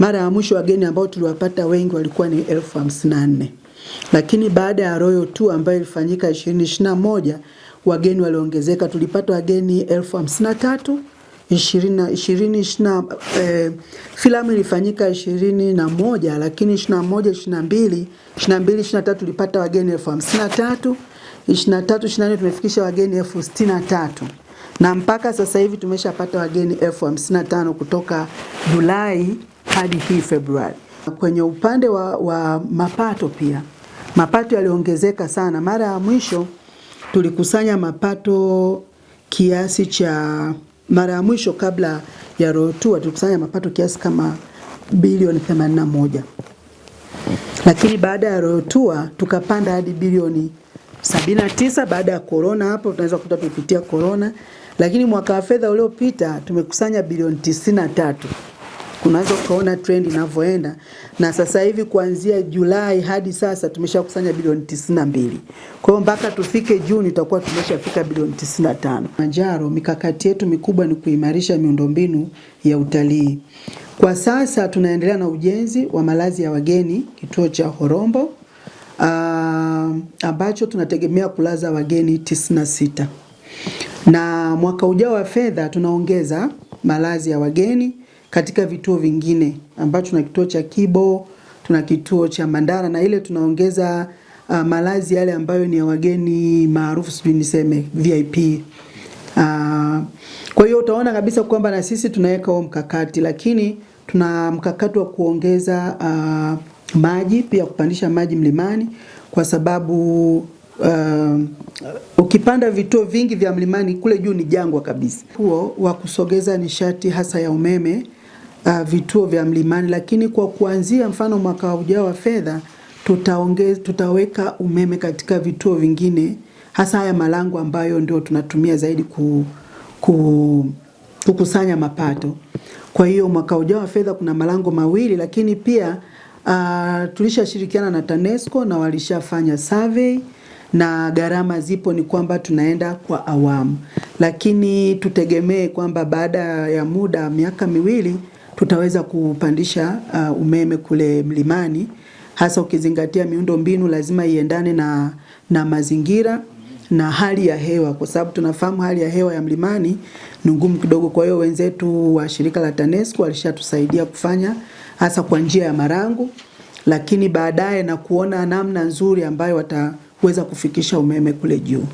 Mara ya mwisho wageni ambao tuliwapata wengi walikuwa ni elfu hamsini na nne lakini baada ya Royal Tour ambayo ilifanyika 2021 wageni waliongezeka, tulipata wageni elfu hamsini na tatu Eh, filamu ilifanyika ishirini na moja lakini ishirini na moja ishirini na mbili ishirini na mbili ishirini na tatu tulipata wageni elfu hamsini na tatu ishirini na tatu ishirini na nne tumefikisha wageni elfu sitini na tatu na mpaka sasa hivi tumeshapata wageni elfu hamsini na tano kutoka Julai hadi hii Februari. Kwenye upande wa, wa mapato pia mapato yaliongezeka sana. Mara ya mwisho tulikusanya mapato kiasi cha, mara ya mwisho kabla ya Rotua tulikusanya mapato kiasi kama bilioni 81, lakini baada ya Rotua tukapanda hadi bilioni 79 baada ya korona. Hapo tunaweza kukuta tumepitia korona, lakini mwaka wa fedha uliopita tumekusanya bilioni 93 unaweza ukaona trend inavyoenda, na sasa hivi kuanzia Julai hadi sasa tumeshakusanya bilioni 92. Kwa hiyo mpaka tufike Juni tutakuwa tumeshafika bilioni 95. Manjaro, mikakati yetu mikubwa ni kuimarisha miundombinu ya utalii. Kwa sasa tunaendelea na ujenzi wa malazi ya wageni kituo cha Horombo Uh, ambacho tunategemea kulaza wageni 96 na mwaka ujao wa fedha tunaongeza malazi ya wageni katika vituo vingine ambacho tuna kituo cha Kibo, tuna kituo cha Mandara na ile tunaongeza uh, malazi yale ambayo ni ya wageni maarufu, sijui niseme VIP. Uh, kwa hiyo utaona kabisa kwamba na sisi tunaweka huo mkakati, lakini tuna mkakati wa kuongeza uh, maji pia, kupandisha maji mlimani kwa sababu uh, ukipanda vituo vingi vya mlimani kule juu ni jangwa kabisa. Huo wa kusogeza nishati hasa ya umeme uh, vituo vya mlimani, lakini kwa kuanzia mfano mwaka ujao wa fedha tutaongeza tutaweka umeme katika vituo vingine, hasa haya malango ambayo ndio tunatumia zaidi ku, ku, kukusanya mapato. Kwa hiyo mwaka ujao wa fedha kuna malango mawili, lakini pia uh, tulishashirikiana na TANESCO na walishafanya survey na gharama zipo, ni kwamba tunaenda kwa awamu, lakini tutegemee kwamba baada ya muda miaka miwili tutaweza kupandisha uh, umeme kule mlimani, hasa ukizingatia miundo mbinu lazima iendane na, na mazingira na hali ya hewa, kwa sababu tunafahamu hali ya hewa ya mlimani ni ngumu kidogo. Kwa hiyo wenzetu wa shirika la TANESCO walishatusaidia kufanya hasa kwa njia ya marangu, lakini baadaye na kuona namna nzuri ambayo wataweza kufikisha umeme kule juu.